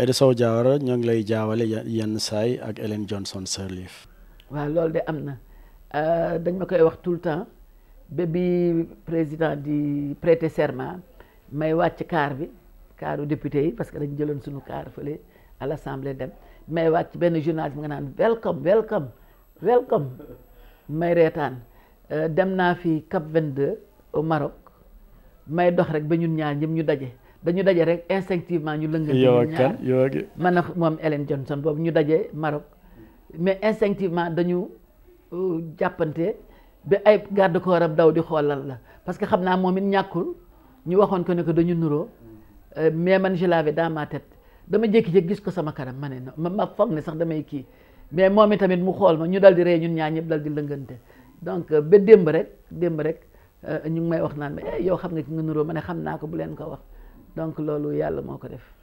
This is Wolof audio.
Aïda Sow Diawara ñoo ngi lay jaawale yenn saay ak Ellen Johnson Sirleaf waaw loolu de am na euh, dañ ma koy wax tout le temps ba bi président di prêter serment may wàcc kaar bi kaaru député yi parce que dañ jëloon suñu kaar fële à l'assemblée dem may wàcc benn journaliste bi nga naan welcome welcome welcome may reetaan euh, dem naa fi Cap 22 au Maroc may dox rek ba ñun ñaar ñëpp ñu daje dañu daje rek instinctivement ñu lëngal yow ak kan man a moom Ellen Johnson boobu ñu dajee Maroc mais instinctivement dañu euh, jàppante ba ay garde corps am daw di xoolal la parce que xam naa moom it ñàkkul ñu waxoon ko ne ko dañu nuroo euh, mais man je l'avais dans ma dama jékki gis ko sama kanam ma ne ma foog ne sax damay kii mais moom itamit mu xool ma ñu dal di ree ñun ñaar ñëpp dal di lëngante donc euh, ba démb rek démb rek ñu ngi may wax naan ma eh, yow xam nga ki nga nuroo ma ne xam naa ko bu leen ko wax donc loolu yàlla moo ko def